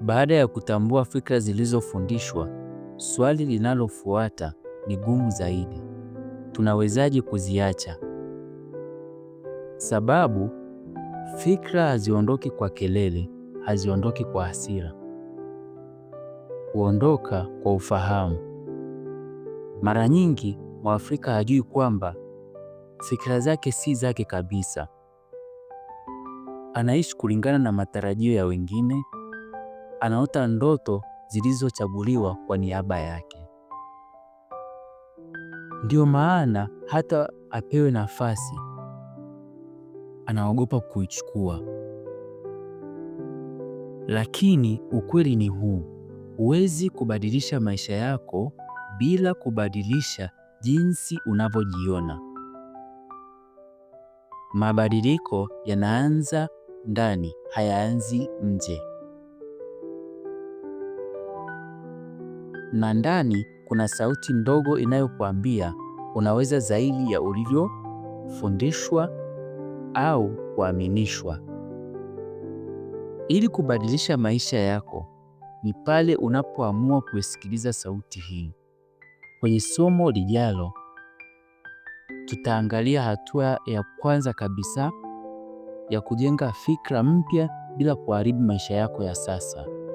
Baada ya kutambua fikra zilizofundishwa, swali linalofuata ni gumu zaidi: tunawezaje kuziacha? Sababu fikra haziondoki kwa kelele, haziondoki kwa hasira, huondoka kwa ufahamu. Mara nyingi Mwafrika hajui kwamba fikra zake si zake kabisa. Anaishi kulingana na matarajio ya wengine, anaota ndoto zilizochaguliwa kwa niaba yake. Ndiyo maana hata apewe nafasi anaogopa kuichukua. Lakini ukweli ni huu, huwezi kubadilisha maisha yako bila kubadilisha jinsi unavyojiona. Mabadiliko yanaanza ndani, hayaanzi nje. na ndani kuna sauti ndogo inayokuambia unaweza zaidi ya ulivyofundishwa au kuaminishwa. Ili kubadilisha maisha yako ni pale unapoamua kuisikiliza sauti hii. Kwenye somo lijalo tutaangalia hatua ya kwanza kabisa ya kujenga fikra mpya bila kuharibu maisha yako ya sasa.